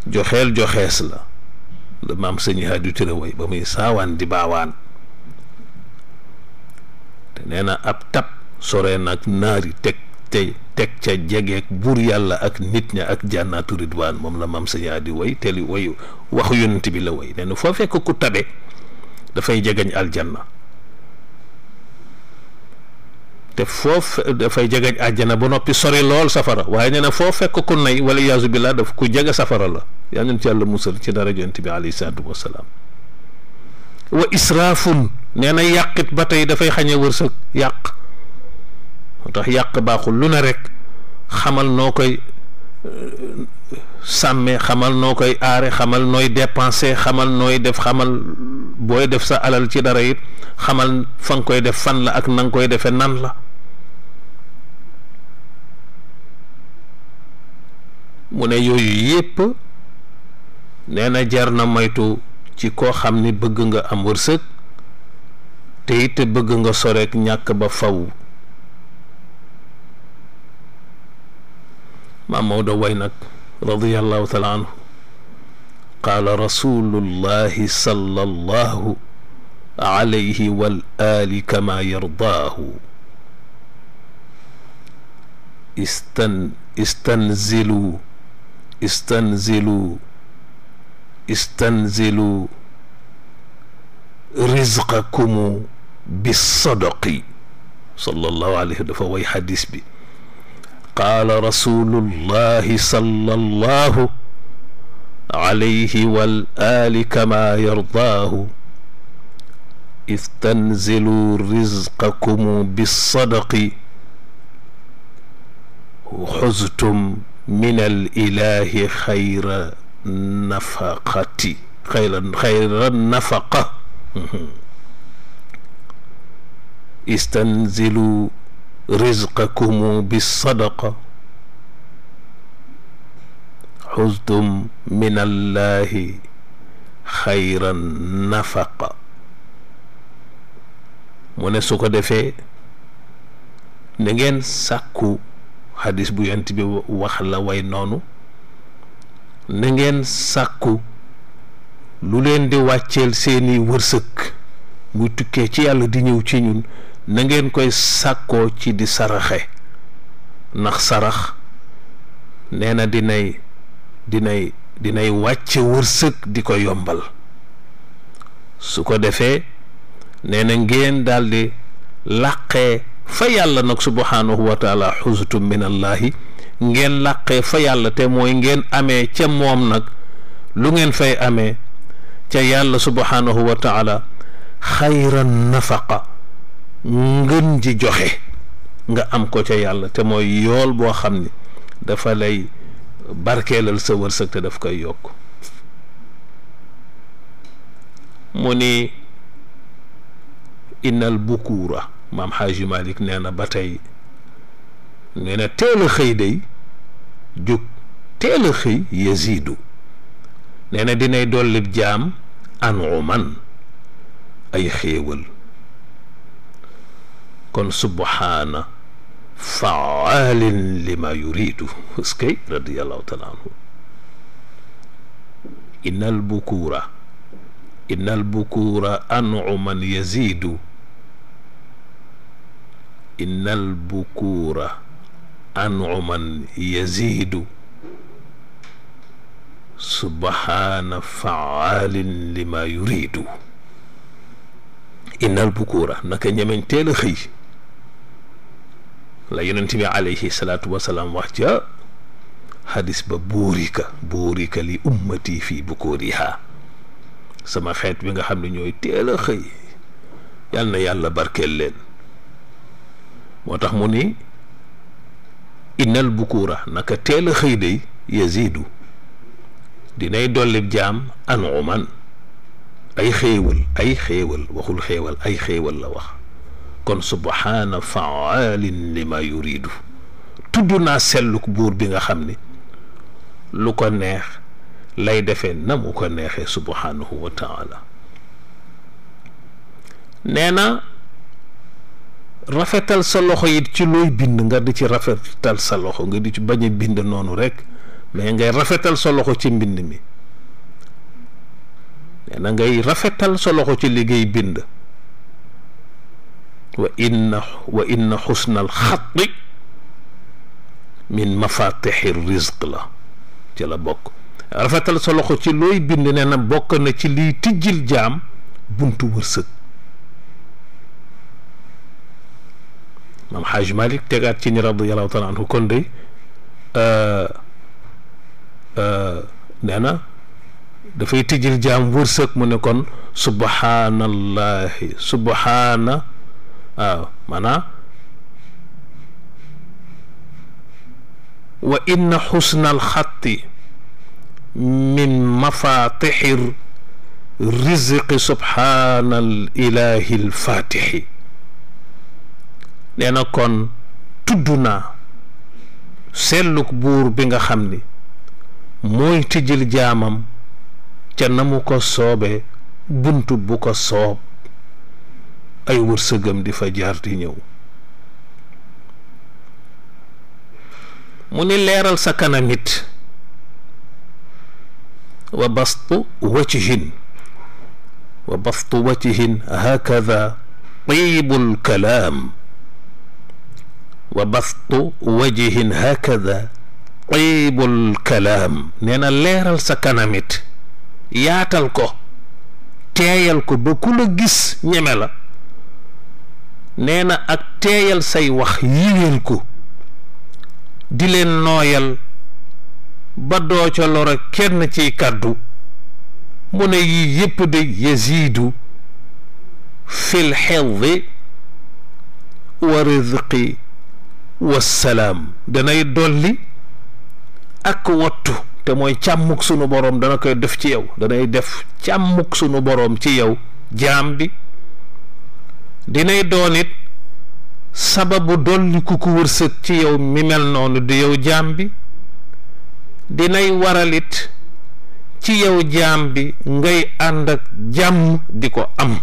joxeel joxees la la maam sëñ Haadi Ture way ba muy saawaan di baawaan te nee na ab tab soree nag naari teg tey teg ca jegeek buur yàlla ak nit ña ak jànnaatu ridwaan moom la maam sëñ Haadi way te li wayu waxu yonent bi la way nee foo fekk ku tabe dafay jegeñ aljanna te fof dafay jege ak àjjana ba noppi sori lol safara waye néna fof fekk ku nay wala yaasu billah daf ku jege safara la ya ñun ci yàlla musul ci dara yonent bi ali sadu wa salam wa israafun néna yàqit batay da fay xagne wërsëg yàq tax yàq baxul lu ne rek xamal nokoy samé xamal nokoy aré xamal noy dépenser xamal noy def xamal boy def sa alal ci dara it xamal fa koy def fan la ak nang koy defee nan la mu ne yooyu yépp nee na jar na moytu ci koo xam ni bëgg nga am wërsëg te bëgg nga sorek ñàkk ba faw maam Maodo way nag radiallahu taala anhu qaala rasulullahi sallallahu alayhi wal aali kama yardaahu istan استنزلوا استنزلوا رزقكم بالصدق صلى الله عليه وسلم فوي حديث بي قال رسول الله صلى الله عليه والآل كما يرضاه استنزلوا رزقكم بالصدق وحزتم min al ilahi xayra nafaqati xayra xayra nafaqa istanzilu rizqakumu bisadaqa xustum min allahi xayra nafaqa mu ne su ko defee na ngeen sàkku xadis bu yent bi wax la way noonu na ngeen sàkku lu leen di wàcceel seeni wërsëg muy tukkee ci yàlla di ñëw ci ñun na ngeen koy sàkkoo ci di saraxe ndax sarax nee na dinay dinay dinay wàcce wërsëg di ko yombal su ko defee nee na ngeen daldi làqee fa yàlla nag subhaanahu wa taala xusutum min allahi ngeen làqee fa yàlla te mooy ngeen amee ca moom nag lu ngeen fay amee ca yàlla subhaanahu wa taala xayran nafaqa ngën ji joxe nga am ko ca yàlla te mooy yool boo xam ni dafa lay barkeelal sa wërsëg te daf koy yokk mu ni innal bukuura maam xaaji malik nee na ba tey nee na teel a day jóg teel a xëy yazidu nee na dinay dollib jaam anuman ay xéewal kon subhaana faalin lima yuridu askay radiallahu taala anhu inna al bukura inna al bukura anuman inna albukuura anuman yaziidu subhaana faalin lima yuridu innal bukuura naka ñemeñ teel a xëy la yonent bi alayhi salaatu wasalaam wax ca xadis ba buurika buurika li ummati fii bukuuriha sama xeet bi nga xam ne ñooy teel a xëy yal na yàlla barkeel leen motax muni inal bukura naka tel a yazidu dinay dolib jam an uman ay xéewal ay xéewal waxul xéewal ay xéewal la wax kon subhaana fa'al li ma yuridu tudd naa selluk bi nga xamni lu ko neex lay defé na ko neexé subhanahu wa taala nee rafetal sa loxo yi ci looy bind nga di ci rafetal sa loxo nga di ci bañ a bind noonu rek mais ngay rafetal sa loxo ci mbind mi nee na ngay rafetal sa loxo ci liggéey bind wa inna wa inna al xatti min mafatixi rizq la ci la bokk rafetal sa loxo ci looy bind nee na bokk na ci liy tijjil jaam buntu wërsëg مام حاج مالك تيغات تيني رضي الله تعالى عنه كوندي ا آه ا آه دا فاي تيجي الجام ورسك مو نكون سبحان الله سبحان اه معنا وان حسن الخط من مفاتيح الرزق سبحان الاله الفاتح nee na kon tudd naa selluk buur bi nga xam ni mooy tijjil jaamam ca na mu ko soobe bunt bu ko soob ay wërsëgam di fa jaar di ñëw mu ni leeral sa kanam it wa bastu wajhin wa bastu wajhin hakada tayibul kalaam wa bastu wajihin hakada tiibul kalaam nee na leeral sa kanamit yaatal ko teeyal ko ba ku la gis ñeme la nee na ak teeyal say wax yiweel ko di leen nooyal ba doo ca loro kenn ciy kàddu mu ne yii yépp de yaziidu fil xewwi wa rizqi wassalaam danay dolli ak wattu te mooy càmmuk sunu boroom dana koy def ci yow danay def càmmuk sunu boroom ci yow jaam bi dinay doon sababu dolli ku ku wërsëg ci yow mi mel noonu di yow jaam bi dinay waralit ci yow jaam bi ngay ànd ak jàmm di ko am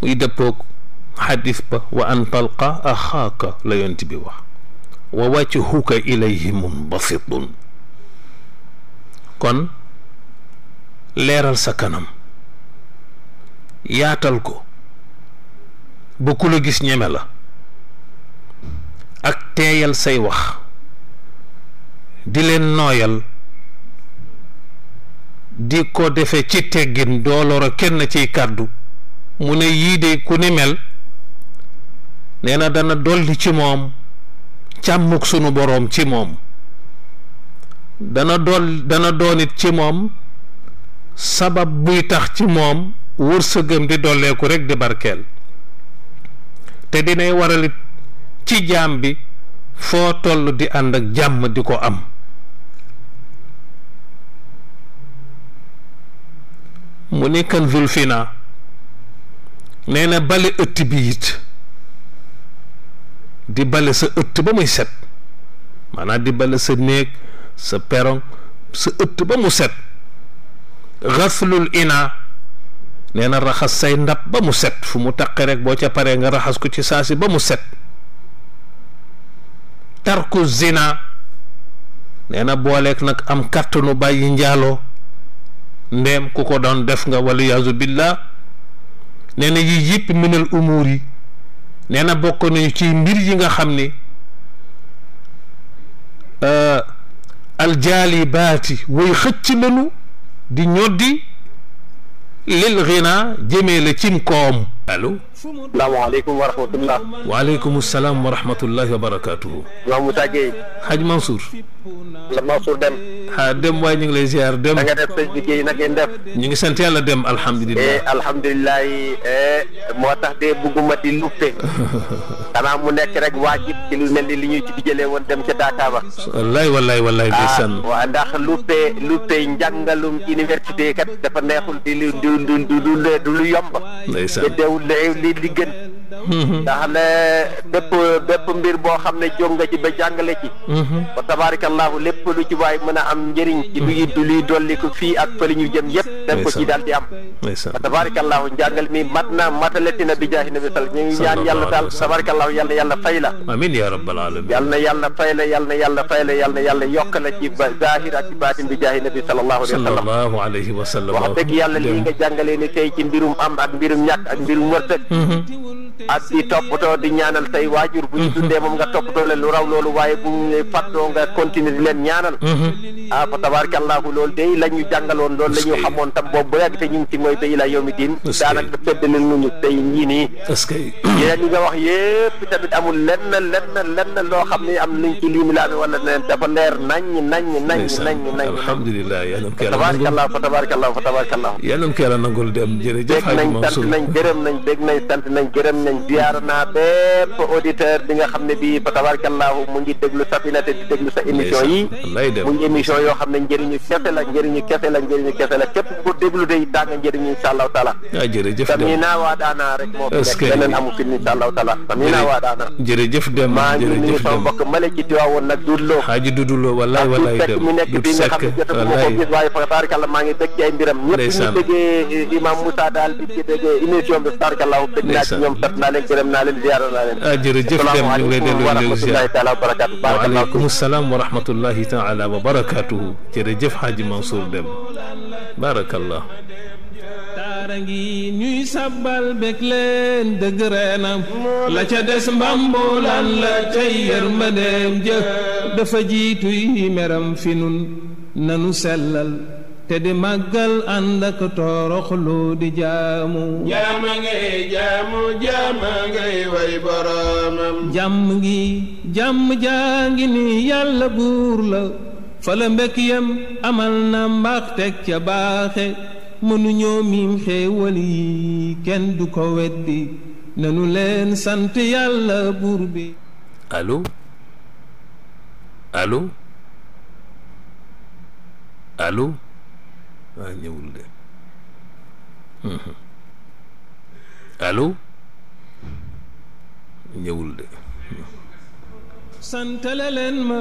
muy dëppook xadis ba wa an talqa axaaka la yonent bi wax wa wajhuka ilayhi munbasitun kon leeral sa kanam yaatal ko ba ku la gis ñeme la ak teeyal say wax di leen nooyal di ko defe ci teggin dooloro kenn ciy kàddu mu ne yiide de ku ni mel nee na dana dolli ci moom càmmuk sunu boroom ci moom dana dool dana doonit ci moom sabab buy tax ci moom wërsëgam di dolleeku rekk di barkeel te dinay waralit ci jaam bi foo toll di ànd ak jàmm di ko am mu nekkan zulfina nee na bale ëtt bi it di bale sa ëtt ba muy set maanaa di bale sa néeg sa perong sa ëtt ba mu set xaslul ina nee na raxas say ndab ba mu set fu mu taqe rek boo ca paree nga raxas ko ci saa si ba mu set tarku zina nee na booleeg nag am kàttanu bàyyi njaaloo ndéem ku ko doon def nga wala yaazu billah nee na yi yëpp minal yi nee na bokk nañu ci mbir yi nga xam ni aljaali baati way xëcc nañu di ñoddi lil xina jëmee la cim koom allo salaamaaleykum wa rahmatullah waaleykum salaam wa rahmatullahi wa barakaatuhu Moussa Gueye Hadj Mansour la Mansour Deme ah dem waaye ñu ngi lay ziar dem. da nga def sëñ bi kii na ngeen def. ñu ngi sant yàlla dem alhamdulilah. Eh, alhamdulilah eh, moo tax de bugguma di luppe. xanaa mu nekk rek waajib ci lu mel ni li ñuy ci jëlee woon dem ca Daakaaba. wallaay wallaay wallaay ah, ndeysaan. waaw ndax luppe luppe njàngalum université kat dafa neexul di lu du du du lu yomb. ndeysaan te deewul li li nga xam mm-hmm. ne bépp bépp mbir boo xam ne jóg nga ci ba jàngale ci ba mm-hmm. tabaarakallaahu lépp lu ci waay mën a am njëriñ ci luy mm-hmm. luy dolli ko fii ak fëli ñu jëm yëpp def ko ci daal di am ba tabaarakallaahu njàngal mi mat na matalati na bi jaahi nabi sal ñu ñaan yàlla daal tabaarakallaahu yàlla yàlla fay la amiin yaa rabbal alamin yàlla na yàlla fay la yàlla na na yàlla yokk la ci zaahir ak ci baatin bi jaahi nabi sallallahu alayhi wa sallam wax dëgg yàlla lii nga jàngalee ni tey ci mbirum am ak mbirum ñàkk ak mbirum wërsëg ak di toppatoo di ñaanal say waajur bu ñu mhm. dundee moom nga toppatoo lu raw loolu waaye bu ñu fàttoo nga continuer di leen ñaanal mhm. ah fa tabaarakallahu loolu day la ñu jàngaloon loolu la ñu xamoon tam boobu ba yàgg te ñu ngi ci mooy ba ila yawmi diin daanaka feddalil nuñu tey ñii yeneen yi nga wax yépp tamit amul lenn lenn lenn loo xam ni am nañ ci limu laami wala leneen dafa leer naññ naññ naññ naññ naññ alhamdulilah yal nañ nañ nañ nañ nañ dégg nañ sant nañ gërëm nañ ziyaara naa bépp auditeur bi nga xam ne bii fa tabaarakallah mu ngi déglu Safina te di déglu sa émission yi mu ngi émission yoo xam ne njëriñu kese la njëriñu kese la képp ku déglu day daa nga njëriñu insha allahu taala ah, jërëjëf dem naa waa daanaa rek moo fi nekk incha allahu taala amina waa daana jërëjëf dem maa ngi nuyu sama mbokk male ci Tiwaawoon nag duudloo xaaji duudloo wallaay wallaay dem mi nekk bi nga xam ne jotuma ko gis waaye fa taarikàlla maa ngi dégg ci ay mbiram ñëpp ñu déggee eh, imam Moussa daal di ci déggee émission bi taarikàlla dégg naa ci ñoom sant naa leen gërëm naa leen ziyaara naa leen ah jërëjëf dem ñu ngi lay delloo wa rahmatullahi taala wa barakatu waaleykum salaam wa rahmatullahi taala wa barakatuhu jërëjëf xaaji Mansour dem barakallah daara ngi ñuy sabbal bég leen dëgg reenam la ca des mbambulaan la cay yërmandeem jëf dafa jiituy meram fi nun nanu sellal te di màggal ànd ak toroxlu di jaamu jaama ngay jaamu jaama ngay way boroomam jàmm ngi jàmm jaa ngi ni yàlla buur la fa la mbék yam amal na mbaax teg ca baaxe mënuñoo miim xéewal yi kenn du ko weddi nanu leen sant yàlla buur bi allo allo allo waa ah, ñëwul de mhm. allo ñëwul de santale leen ma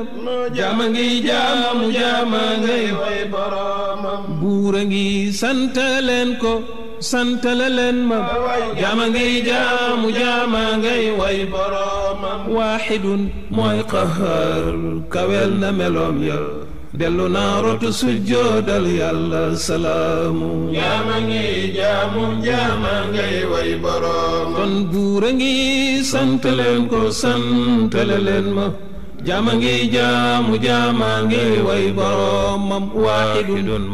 jaama ngi jaamu jaama ngay way boroomam buura ngi santale leen ko santale ma jaama ngi jaamu jaama ngay way boroomam waaxidun mooy qahaar kawel na meloom ya dellu naa rotu sujjoodal yàlla salaamu jaama ngi jaamu jaama ngay way boroom kon buur ko sant ma jaama jaamu jaama ngay way boroomam waahidun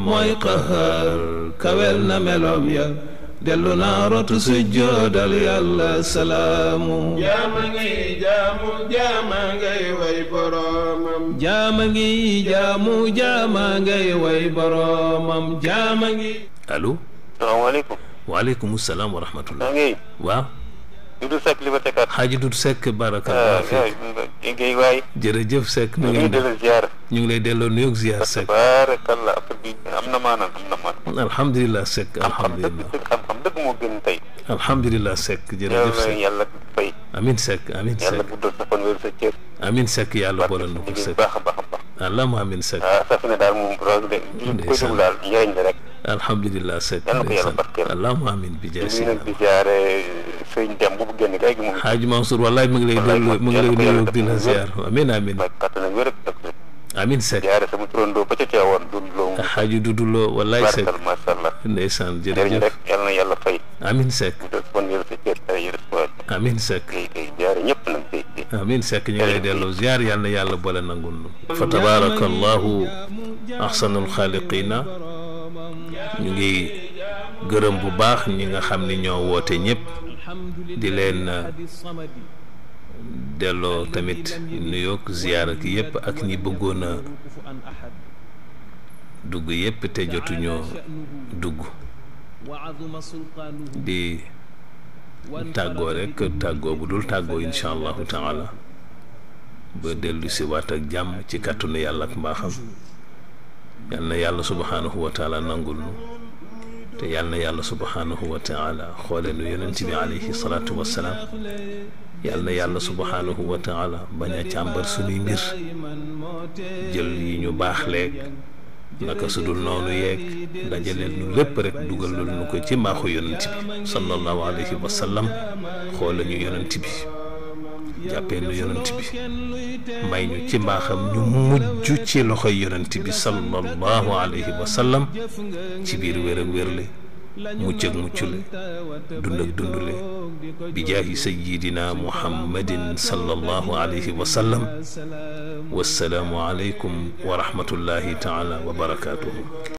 qahaar kawel na meloom ya dellu naa rotu sujjoodal yàlla salaamu ngi jaamu jaama ngay way boroomam jaama ngi jaamu jaama ngay way salaam wa Doudou Seck Liberté 4. Hadji Doudou Seck baraka. waaw de waay. jërëjëf Seck. ñu ngi delloo ziar. ñu ngi lay delloo nuyoog ziar Seck. baarakallah affaire bi am na maanaam am na maanaam. alhamdulilah Seck. alhamdulilah xam-xam dëgg moo gën tey. alhamdulilah Seck jërëjëf na ko Seck baax a baax a baax. allahumma amiin Seck. Ah, sëriñ dem bu bu génn léegi mu ngi. xaaj Mansour wallaay mu ngi lay dellu mu ngi lay nuyoo ak dina ziar amiin amiin. amiin Seck jaare sama turandoo ba ca teewoon ñu lay delloo ziar yàlla boole nangul fa tabaaraka allahu axsanul ñu ngi gërëm bu baax ñi nga xam ni ñoo woote ñëpp. di leen euh, delloo tamit nuyoog ziyaar ak yëpp ak ñi bëggoon a dugg yépp te jotuñoo dugg di tàggoo rekk tàggoo bu dul tàggoo incha allahu taala ba dellu waat ak jàmm ci kàttanu yàlla ak mbaaxam na yàlla subhaanahu wa taala nangul te yàlla na yàlla subhaanahu wa taala xoole nu yonent bi alayhi salaatu wassalaam yàlla na yàlla subhaanahu wa taala bañ a càmbar suñuy mbir jël yi ñu baax leeg naka su dul noonu yeeg dajaleel nu lépp rek dugalal nu ko ci mbaaxu yonent bi sallallahu alayhi wa sallam xoole ñu yonent bi jàppee nu yonent bi may ñu ci mbaaxam ñu mujj ci loxoy yonent bi sallallahu alayhi wa sallam ci biir wér ak wérle mucc ak muccule dund ak dundule bi jaahi sayyidina muhammadin sallallahu alayhi wa sallam wassalaamu aleykum wa rahmatullahi taala